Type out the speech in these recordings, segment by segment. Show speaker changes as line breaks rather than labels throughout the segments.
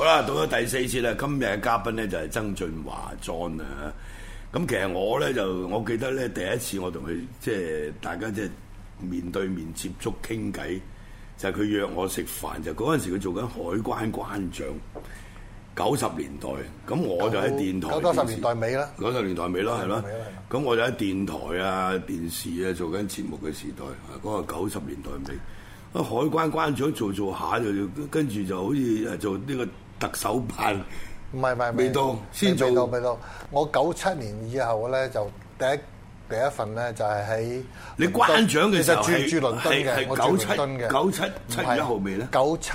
好啦，到咗第四次啦。今日嘅嘉賓咧就係曾俊華 John 啦嚇。咁其實我咧就，我記得咧第一次我同佢即係大家即係面對面接觸傾偈，就係、是、佢約我食飯。就嗰、是、陣時佢做緊海關關長，九十年代。咁我就喺電台九十年代尾啦。九十年代尾啦，係咯。咁我就喺電台啊、電視啊做緊節目嘅時代，嗰、那個九十年代尾。啊，海關關長做做下就跟住就好似誒做呢、這個。特首辦
唔係唔係未到，先做未到未到。我九七年以後咧就第一第一份咧就係喺你關長嘅時候，喺九七九七七一號尾咧，九七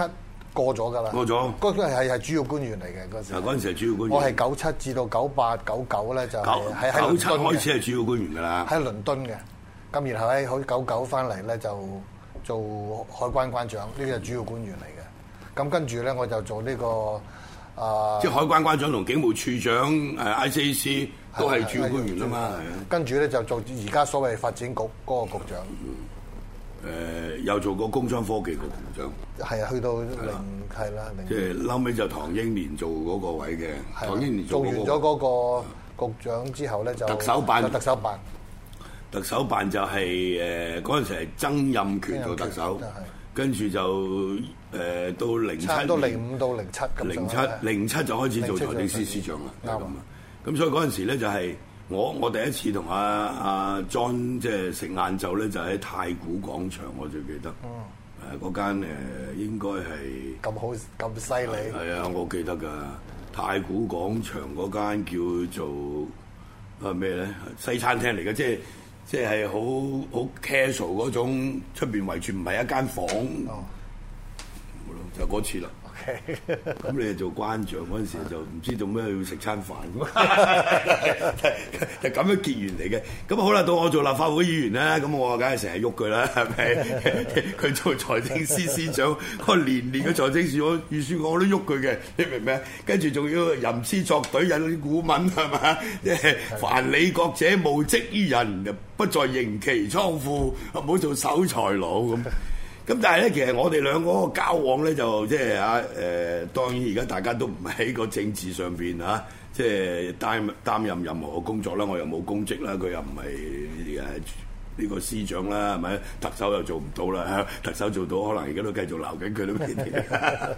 過咗㗎啦，過咗嗰個係係主要官員嚟嘅嗰陣時。
嗰陣時係主要官員。我係
九七至到九八九九咧就係九七開始係主
要官員㗎啦。喺
倫敦嘅，咁然後喺好九九翻嚟咧就做海關關長，呢個係主要官員嚟。咁跟住咧，我就做呢個啊，即係海關關長
同警務處長，誒 ICAC 都係主要官員啊嘛。
跟住咧就做而家所謂發展局嗰個局長。
誒，又做過工商科技局局長。
係啊，去到零係啦，零。即
係嬲尾就唐英年做嗰個位嘅。唐英年做完咗
嗰個局長之後咧，就特首辦，特
首辦。特首辦就係誒嗰陣時係曾蔭權做特首。跟住就誒到零七，差到零五到零七咁，零七零七就開始做財政司司長啦，咁啊！咁所以嗰陣時咧就係我我第一次同阿阿 John 即係食晏晝咧就喺太古廣場，我最記得。哦，誒嗰間誒應該係咁好咁犀利。係啊，我記得㗎。太古廣場嗰間叫做啊咩咧西餐廳嚟嘅，即係。即係，好好 casual 嗰種，出邊圍住唔係一間房。Oh. 就嗰次啦。咁 你做關長嗰陣時就唔知做咩要食餐飯咁啊？ 就咁樣結緣嚟嘅。咁好啦，到我做立法會議員啦，咁我梗係成日喐佢啦，係咪？佢 做財政司司長，個年年嘅財政事我預算案我都喐佢嘅，你明唔明？跟住仲要吟詩作對，引啲古文，係嘛？即 係凡利國者，務積於人，不在盈其倉庫，唔好做守財佬咁。咁但係咧，其實我哋兩個交往咧，就即係啊誒，當然而家大家都唔喺個政治上邊啊，即係擔擔任任何工作啦，我又冇公職啦，佢又唔係誒呢個司長啦，係咪？特首又做唔到啦，特首做到可能而家都繼續鬧緊佢啦。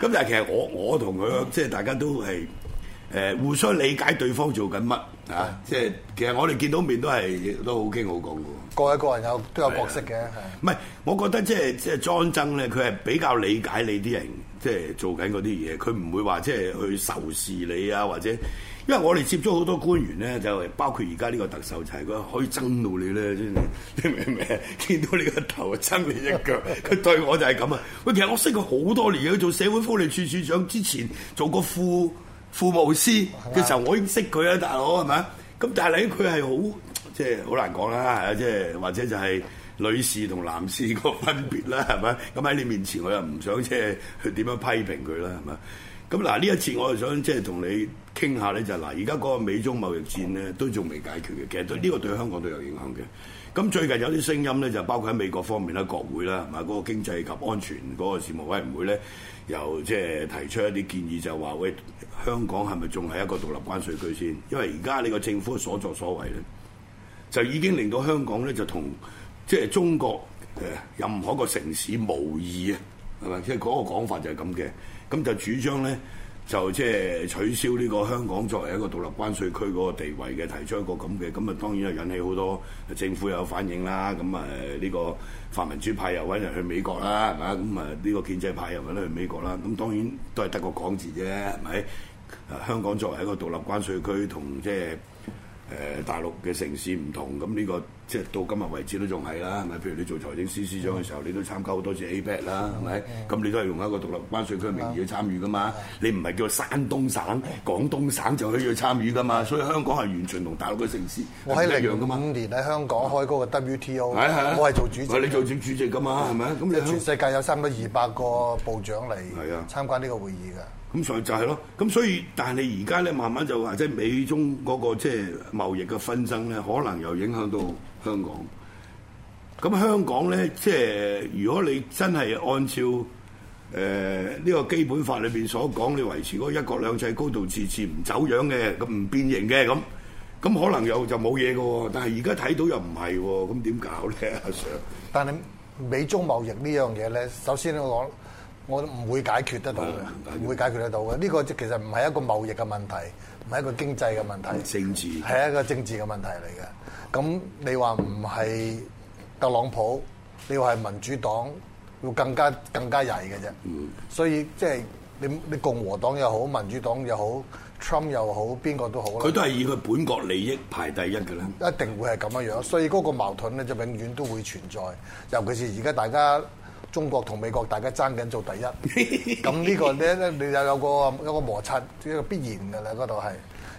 咁 但係其實我我同佢即係大家都係誒、呃、互相理解對方做緊乜啊！即係其實我哋見到面都係都好傾好講。各個個人都有的都有角色嘅，唔係，我覺得即係即係莊憎咧，佢係比較理解你啲人，即係做緊嗰啲嘢，佢唔會話即係去仇視你啊，或者，因為我哋接觸好多官員咧，就係包括而家呢個特首，就係佢可以憎到你咧，先你明唔明？ 見到你個頭憎你隻腳，佢對我就係咁啊！喂，其實我識佢好多年，佢做社會福利署署長之前做過副副務司嘅時候，的我已經識佢啊，大佬係咪？咁但係你，佢係好。即係好難講啦，即係或者就係女士同男士個分別啦，係咪？咁喺你面前，我又唔想即係去點樣批評佢啦，係咪？咁嗱，呢一次我就想即係同你傾下咧，就嗱、是，而家嗰個美中貿易戰咧都仲未解決嘅，其實對呢個對香港都有影響嘅。咁最近有啲聲音咧，就包括喺美國方面啦、國會啦，同埋嗰個經濟及安全嗰個事務委員會咧，又即係提出一啲建議，就話、係、喂，香港係咪仲係一個獨立關稅區先？因為而家呢個政府所作所為咧。就已經令到香港咧就同即係中國誒、呃、任何一個城市無異啊，係咪？即係嗰個講法就係咁嘅。咁就主張咧就即係取消呢個香港作為一個獨立關稅區嗰個地位嘅，提出一個咁嘅。咁啊當然又引起好多政府有反應啦。咁啊呢個泛民主派又揾人去美國啦，係咪啊？咁啊呢個建制派又揾人去美國啦。咁當然都係得個講字啫，係咪、啊？香港作為一個獨立關稅區同即係。誒大陸嘅城市唔同，咁呢個即係到今日為止都仲係啦，係咪？譬如你做財政司司長嘅時候，你都參加好多次 APEC 啦，係咪？咁你都係用一個獨立關稅區嘅名義去參與㗎嘛？你唔係叫山東省、廣東省就可以去參與㗎嘛？所以香港係完全同大陸嘅城市唔一樣㗎嘛？零五年
喺香港開嗰個 WTO，我係做主席，你做主
席㗎嘛？係咪？咁你全
世界有三百二百個部長嚟參加呢個會議㗎。
咁所以就係咯，咁所以但係而家咧慢慢就話即係美中嗰、那個即係、就是、貿易嘅紛爭咧，可能又影響到香港。咁香港咧即係如果你真係按照誒呢、呃這個基本法裏邊所講，你維持嗰一國兩制高度自治唔走樣嘅，咁唔變形嘅咁，咁可
能又就冇嘢嘅喎。但係而家睇到又唔係喎，咁點搞咧？阿、啊、Sir，但係美中貿易呢樣嘢咧，首先我我都唔會解決得到嘅，唔的會解決得到嘅。呢、嗯、個其實唔係一個貿易嘅問題，唔係一個經濟嘅問題，係治一個政治嘅問題嚟嘅。咁你話唔係特朗普，你話係民主黨，會更加更加曳嘅啫。嗯。所以即係、就是、你你共和黨又好，民主黨又好，Trump 又好，邊個都好。佢都係
以佢本國利益
排第一嘅啦。一定會係咁樣樣，所以嗰個矛盾咧就永遠都會存在。尤其是而家大家，中國同美國大家爭緊做第一，咁 呢個咧咧你又有個一個摩擦，即係一個必然㗎啦，嗰度係。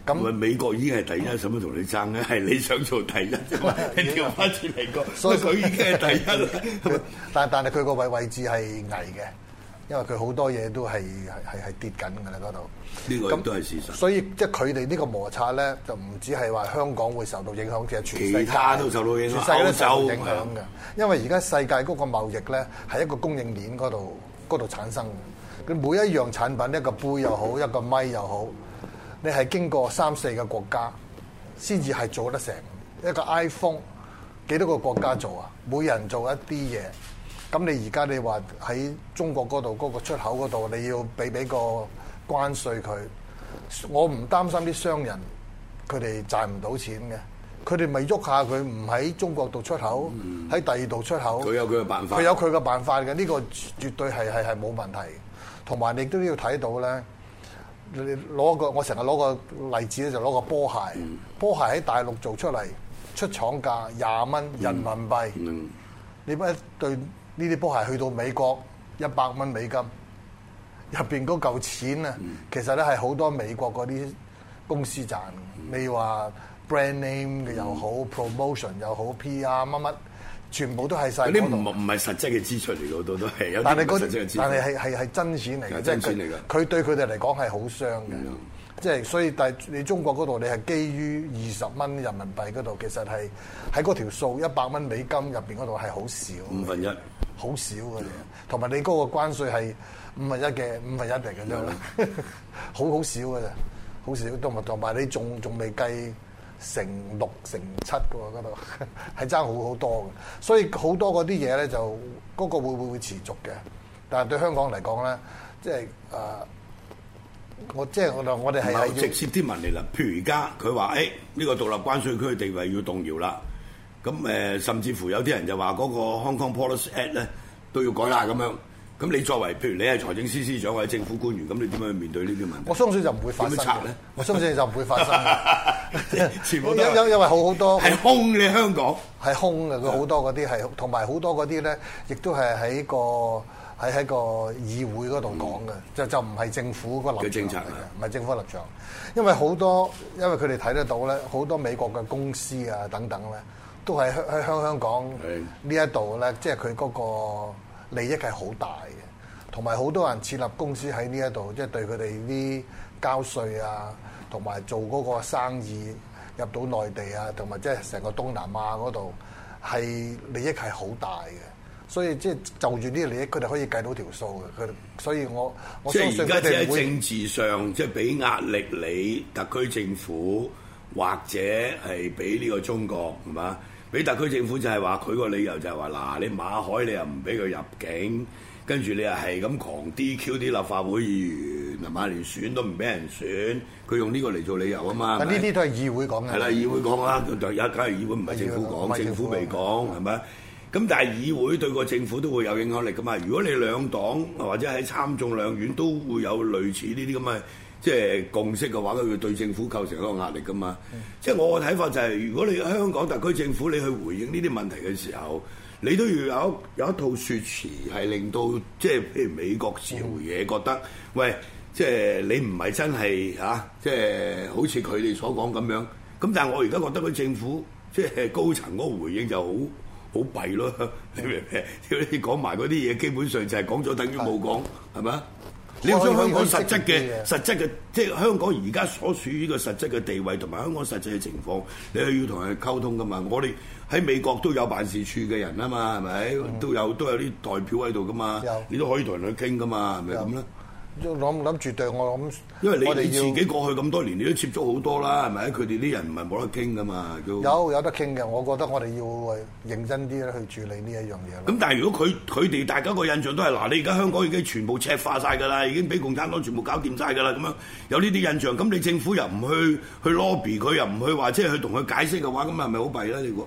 咁，美國已經係第一，使乜同你爭咧？係你想做第一啫
嘛， 你調翻轉嚟講。 所以佢已經係第一 吧但，但但係佢個位位置係危嘅。因為佢好多嘢都係係係跌緊㗎啦，嗰度呢
個都係事實。所
以即係佢哋呢個摩擦咧，就唔止係話香港會受到影響，其實全世界都受到影響，全世界都受影響嘅。因為而家世界嗰個貿易咧，係一個供應鏈嗰度嗰度產生嘅。佢每一樣產品，一個杯又好，一個咪又好，你係經過三四個國家先至係做得成。一個 iPhone 幾多個國家做啊？每人做一啲嘢。咁你而家你話喺中國嗰度嗰個出口嗰度，你要俾俾個關稅佢，我唔擔心啲商人佢哋賺唔到錢嘅，佢哋咪喐下佢唔喺中國度出口，喺第二度出口。佢有佢嘅辦法，佢有佢嘅辦法嘅，呢、呢個絕對係係係冇問題。同埋你都要睇到咧，你攞個我成日攞個例子咧，就攞個波鞋，嗯、波鞋喺大陸做出嚟，出廠價廿蚊人民幣，嗯嗯嗯、你乜一對？呢啲波鞋去到美國一百蚊美金，入邊嗰嚿錢啊，其實咧係好多美國嗰啲公司賺。嗯、你話 brand name 嘅又好、嗯、promotion 又好，P.R. 乜乜，全部都係晒啲唔
唔係實際嘅支出嚟，好多都係有但係嗰啲，那個、但係係
係係真錢嚟，真錢嚟㗎。佢對佢哋嚟講係好傷嘅。嗯即係所以，但係你中國嗰度，你係基於二十蚊人民幣嗰度，其實係喺嗰條數一百蚊美金入邊嗰度係好少，五分一的 好，好少嘅啫。同埋你嗰個關稅係五分一嘅，五分一嚟嘅啫，好好少嘅啫，好少。同埋同埋你仲仲未計成六成七嘅喎嗰度，係爭好好多嘅。所以好多嗰啲嘢咧就嗰、嗰個會會持續嘅，但係對香港嚟講咧，即係啊。呃我即係我哋，我哋係直接
啲問嚟啦。譬如而家佢話，誒、欸、呢、這個獨立關稅區嘅地位要動搖啦。咁誒、呃，甚至乎有啲人就話嗰個 Hong Kong Policy Act 咧都要改啦。咁錯樣，咁你作為譬如你係財政司司長或者政府官員，咁你點樣去面對呢啲問題？我相信就唔會發生嘅。
我相信就唔會發生 因。因為因因為好好多係空嘅香港，係空嘅。佢好多嗰啲係，同埋好多嗰啲咧，亦都係喺個。喺喺個議會嗰度講嘅，嗯、就就唔係政府嗰個立場嚟嘅，唔係、啊、政府立場。因為好多，因為佢哋睇得到咧，好多美國嘅公司啊等等咧，都喺喺香香港呢一度咧，即係佢嗰個利益係好大嘅。同埋好多人設立公司喺呢一度，即係對佢哋啲交稅啊，同埋做嗰個生意入到內地啊，同埋即係成個東南亞嗰度係利益係好大嘅。所以即係就住呢個利益，佢哋可以計到條數嘅。佢，所以我，我即係而家只係政
治上，即係俾壓力你特區政府，或者係俾呢個中國，係嘛？俾特區政府就係話佢個理由就係話嗱，你馬凱你又唔俾佢入境，跟住你又係咁狂 DQ 啲立法會議員，係嘛？連選都唔俾人選，佢用呢個嚟做理由啊嘛。嗱，呢
啲都係議會講嘅。係啦的，議會
講啦，就而家而家議會唔係、嗯、政府講，政府未講係咪？咁但係議會對個政府都會有影響力噶嘛？如果你兩黨或者喺參眾兩院都會有類似呢啲咁嘅即係共識嘅話，佢會對政府構成一個壓力噶嘛？嗯、即係我嘅睇法就係、是，如果你香港特區政府你去回應呢啲問題嘅時候，你都要有有一套説辭係令到即係譬如美國召嘢覺得，喂，即係你唔係真係嚇、啊，即係好似佢哋所講咁樣。咁但係我而家覺得佢政府即係高層嗰個回應就好。好弊咯， 你明唔明？你講埋嗰啲嘢，基本上就係講咗等於冇講，係咪啊？吧以你要將香港實質嘅、實質嘅，即係香港而家所處依個實質嘅地位同埋香港實際嘅情況，你係要同人溝通噶嘛？我哋喺美國都有辦事處嘅人啊嘛，係咪的？都有都有啲代表喺度噶嘛，的你都可以同人去傾噶嘛，係咪咁咧？的
諗諗絕對，我諗，因為你哋自己
過去咁多年，你都接觸好多啦，係咪、嗯？佢哋啲人唔係冇得傾噶嘛，有
有得傾嘅。我覺得我哋要係認真啲咧去處理呢一樣嘢。
咁但係如果佢佢哋大家個印象都係嗱，你而家香港已經全部赤化晒㗎啦，已經俾共產黨全部搞掂晒㗎啦，咁樣有呢啲印象，咁你政府又唔去去 lobby 佢，又唔去話即係去同佢解釋嘅話，咁係咪好弊咧？你講？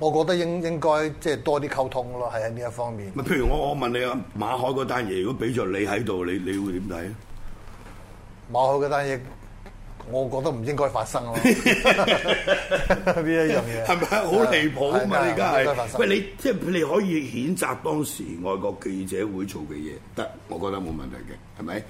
我覺得應應該即係多啲溝通咯，喺喺呢一方面。譬
如我我問你啊，馬海嗰單嘢，如果俾咗你喺度，你你會點睇啊？
馬海嗰單嘢，我覺得唔應該發生咯。呢 一樣嘢？係咪？好離譜啊嘛！你而家係。喂，你
即係、就是、你可以譴責當時外國記者會做嘅嘢得，我覺得冇問題嘅，係咪？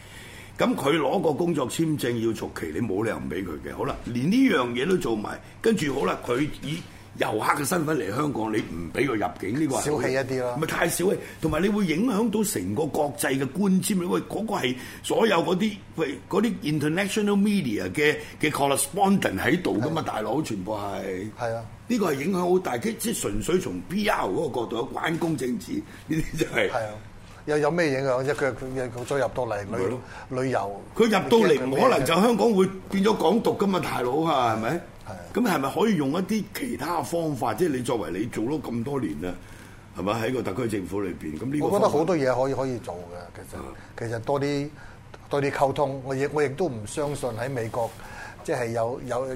咁佢攞個工作簽證要續期，你冇理由唔俾佢嘅。好啦，連呢樣嘢都做埋，跟住好啦，佢以，遊客嘅身份嚟香港，你唔俾佢入境呢個，小氣一啲咯，唔係太小氣，同埋你會影響到成個國際嘅觀瞻。因為嗰個係所有嗰啲嗰啲 international media 嘅嘅 correspondent 喺度噶嘛，是的 大佬，全部係係啊，呢是的 個係影響好大。即即純粹從 PR 嗰個角度，有關公政治呢啲就係係啊，
又有咩影響啫？佢佢再入到嚟旅是旅遊，佢入到嚟可能就
香港會變咗港獨噶嘛，大佬啊，係咪？咁係咪可以用一啲其他方法？即係你作為你做咗咁多年咧，係咪喺個特區政府裏邊？咁呢個我覺得好多
嘢可以可以做嘅，其實其實多啲多啲溝通。我亦我亦都唔相信喺美國，即係有有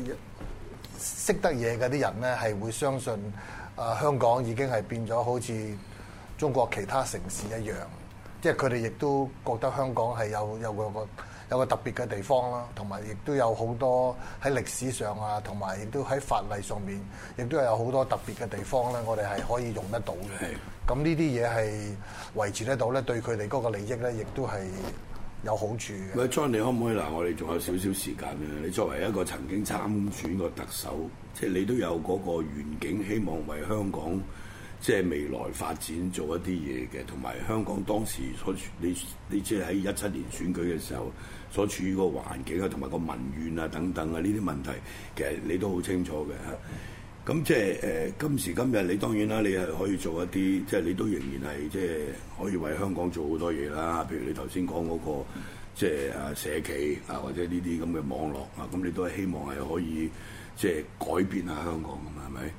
識得嘢嗰啲人咧，係會相信啊香港已經係變咗好似中國其他城市一樣。即係佢哋亦都覺得香港係有有個個，有個特別嘅地方啦，同埋亦都有好多喺歷史上啊，同埋亦都喺法例上面，亦都有好多特別嘅地方咧。我哋係可以用得到嘅。係。咁呢啲嘢係維持得到咧，對佢哋嗰個利益咧，亦都係有好處嘅。
喂，John，你可唔可以嗱？我哋仲有少少時間呀。你作為一個曾經參選過特首，即係你都有嗰個願景，希望為香港，即係未來發展做一啲嘢嘅，同埋香港當時所處你你即係喺一七年選舉嘅時候所處於個環境啊，同埋個民怨啊等等啊呢啲問題，其實你都好清楚嘅嚇。咁、嗯、即係誒、呃、今時今日，你當然啦，你係可以做一啲，即係你都仍然係即係可以為香港做好多嘢啦。譬如你頭先講嗰個即係啊社企啊，或者呢啲咁嘅網絡啊，咁你都係希望係可以即係改變下香港咁嘛，係咪？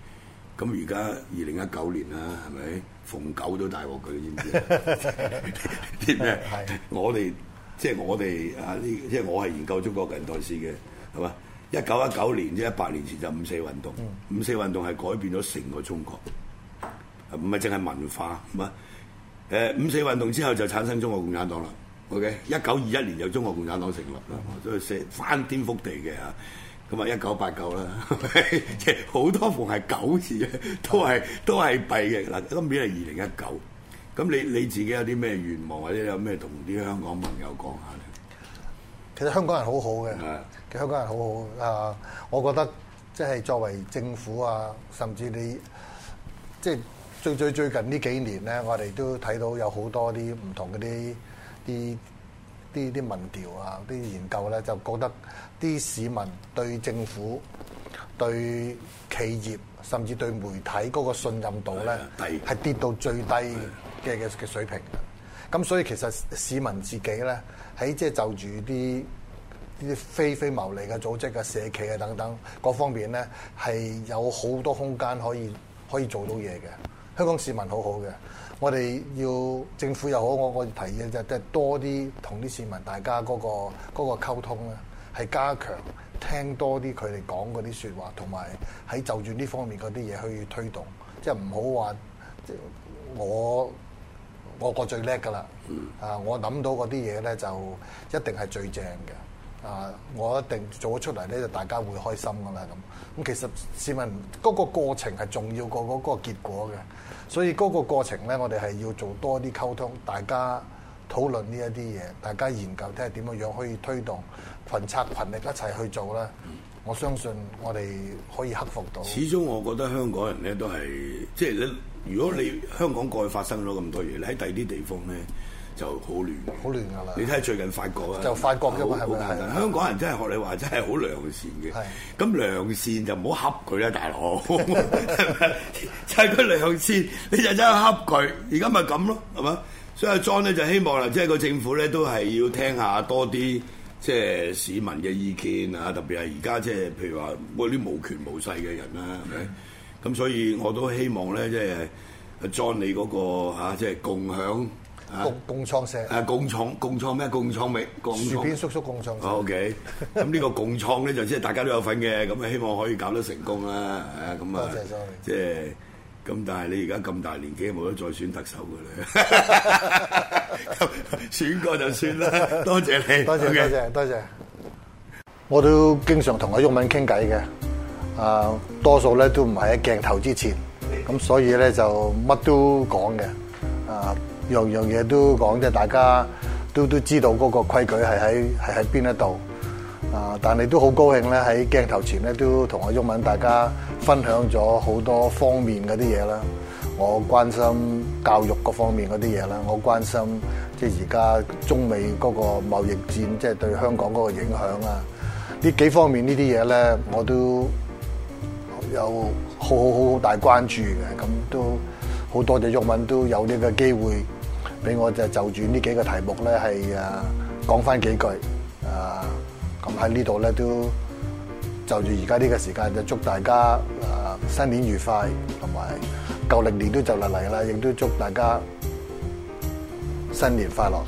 咁而家二零一九年啦，係咪逢九都大鑊佢？知唔知啊？啲咩？ 我哋即係我哋啊，呢即係我係研究中國近代史嘅，係嘛？一九一九年即係一百年前就五四運動，嗯、五四運動係改變咗成個中國，唔係淨係文化，係嘛？誒五四運動之後就產生中國共產黨啦。OK，一九二一年就中國共產黨成立啦，嗯、所以寫翻天覆地嘅啊！咁啊，一九八九啦，即係好多逢係九字，都係是的 都係弊嘅。嗱，今年係二零一九，咁你你自己有啲咩願望，或者有咩同啲香港朋友講下咧？
其實香港人好好嘅，是的 其實香港人好好是的 啊！我覺得即係作為政府啊，甚至你即係、即係、最最最近呢幾年咧，我哋都睇到有好多啲唔同嘅啲啲。啲啲民調啊，啲研究咧就覺得啲市民對政府、對企業甚至對媒體嗰個信任度咧係跌到最低嘅嘅嘅水平。咁 所以其實市民自己咧喺即係就住啲啲非非牟利嘅組織、嘅社企啊等等各方面咧係有好多空間可以可以做到嘢嘅。香港市民好好嘅，我哋要政府又好，我我提議就即係多啲同啲市民大家嗰個嗰個溝通咧，係加強聽多啲佢哋講嗰啲說話同埋喺就住呢方面嗰啲嘢去推動，即係唔好話，即係我我個最叻噶啦，啊我諗到嗰啲嘢咧就一定係最正嘅。啊！我一定做咗出嚟咧，就大家會開心噶啦咁。咁其實市民嗰個過程係重要過嗰個結果嘅，所以嗰個過程咧，我哋係要做多啲溝通，大家討論呢一啲嘢，大家研究睇下點樣樣可以推動，群策群力一齊去做咧。我相信我哋可以克服到。
始終我覺得香港人咧都係，即係你，如果你香港過去發生咗咁多嘢，你喺第二啲地方咧。就好亂，好亂㗎啦！你睇最近法國啊，就法國嘅話好簡單。係咪？香港人真係學你話，真係好良善嘅。咁的良善就唔好恰佢啦，大佬係咪？ 就係佢良善，你就真係恰佢。而家咪咁咯，係嘛？所以 John 咧就希望啦，即係個政府咧都係要聽下多啲即係市民嘅意見啊，特別係而家即係譬如話，我啲無權無勢嘅人啦，係咪的？咁 所以我都希望咧，即係 John 你嗰個即係共享。共
共創社啊！
共創共創咩？共創咩？薯片叔
叔共創社。O
K。咁呢個共創咧就即係大家都有份嘅，咁希望可以搞得成功啦。啊咁啊，多謝曬你。即係咁，但係你而家咁大年紀，冇得再選特首㗎
喇。選過就算啦。多謝你，多謝多謝多謝。我都經常同阿毓民傾偈嘅。啊，多數咧都唔喺鏡頭之前，咁所以咧就乜都講嘅。啊。樣樣嘢都講，即係大家都都知道嗰個規矩係喺係喺邊一度啊！但係都好高興咧，喺鏡頭前咧都同阿毓民大家分享咗好多方面嗰啲嘢啦。我關心教育嗰方面嗰啲嘢啦，我關心即係而家中美嗰個貿易戰，即係對香港嗰個影響啊！呢幾方面呢啲嘢咧，我都有好好好大關注嘅，咁都好多謝毓民都有呢個機會。俾我就就住呢幾個題目咧，係啊講翻幾句啊。咁喺呢度咧，都就住而家呢個時間，就祝大家啊新年愉快，同埋舊曆年都就嚟嚟啦，亦都祝大家新年快樂。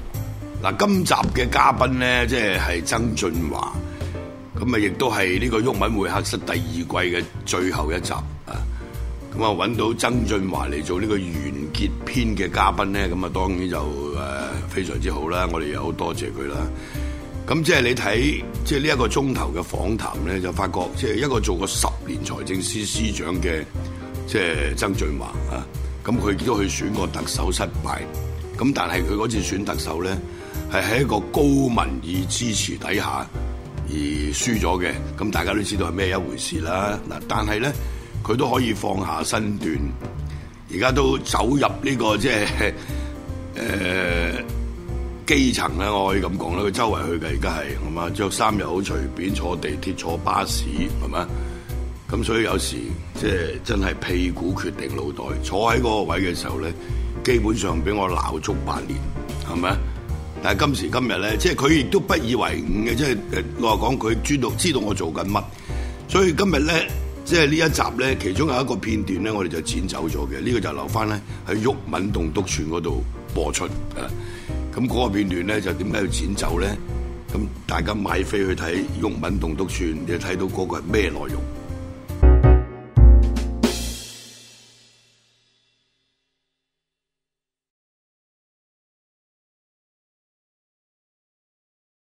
嗱，今集嘅嘉賓咧即係係曾俊華，咁啊亦都係呢個毓民會客室第二季嘅最後一集。咁啊，揾到曾俊華嚟做呢個完結篇嘅嘉賓咧，咁啊當然就誒非常之好啦，我哋又好多謝佢啦。咁即係你睇，即係呢一個鐘頭嘅訪談咧，就發覺即係一個做過十年財政司司長嘅，即係曾俊華啊。咁佢都去選過特首失敗，咁但係佢嗰次選特首咧，係喺一個高民意支持底下而輸咗嘅。咁大家都知道係咩一回事啦。嗱，但係咧。佢都可以放下身段，而家都走入呢、這個即係誒、呃、基層咧，我可以咁講啦，佢周圍去嘅而家係，咁啊，着衫又好隨便，坐地鐵坐巴士係咪？咁所以有時即係真係屁股決定腦袋，坐喺嗰個位嘅時候咧，基本上俾我鬧足八年，係咪？但係今時今日咧，即係佢亦都不以為忤嘅，即係誒，我話講，佢知道知道我做緊乜，所以今日咧。即係呢一集咧，其中有一個片段咧，我哋就剪走咗嘅。呢、這個就留翻咧喺《毓民棟篤串》嗰度播出。啊，咁嗰個片段咧就點解要剪走咧？咁大家買飛去睇《毓民棟篤串》，你就睇到嗰個係咩內容？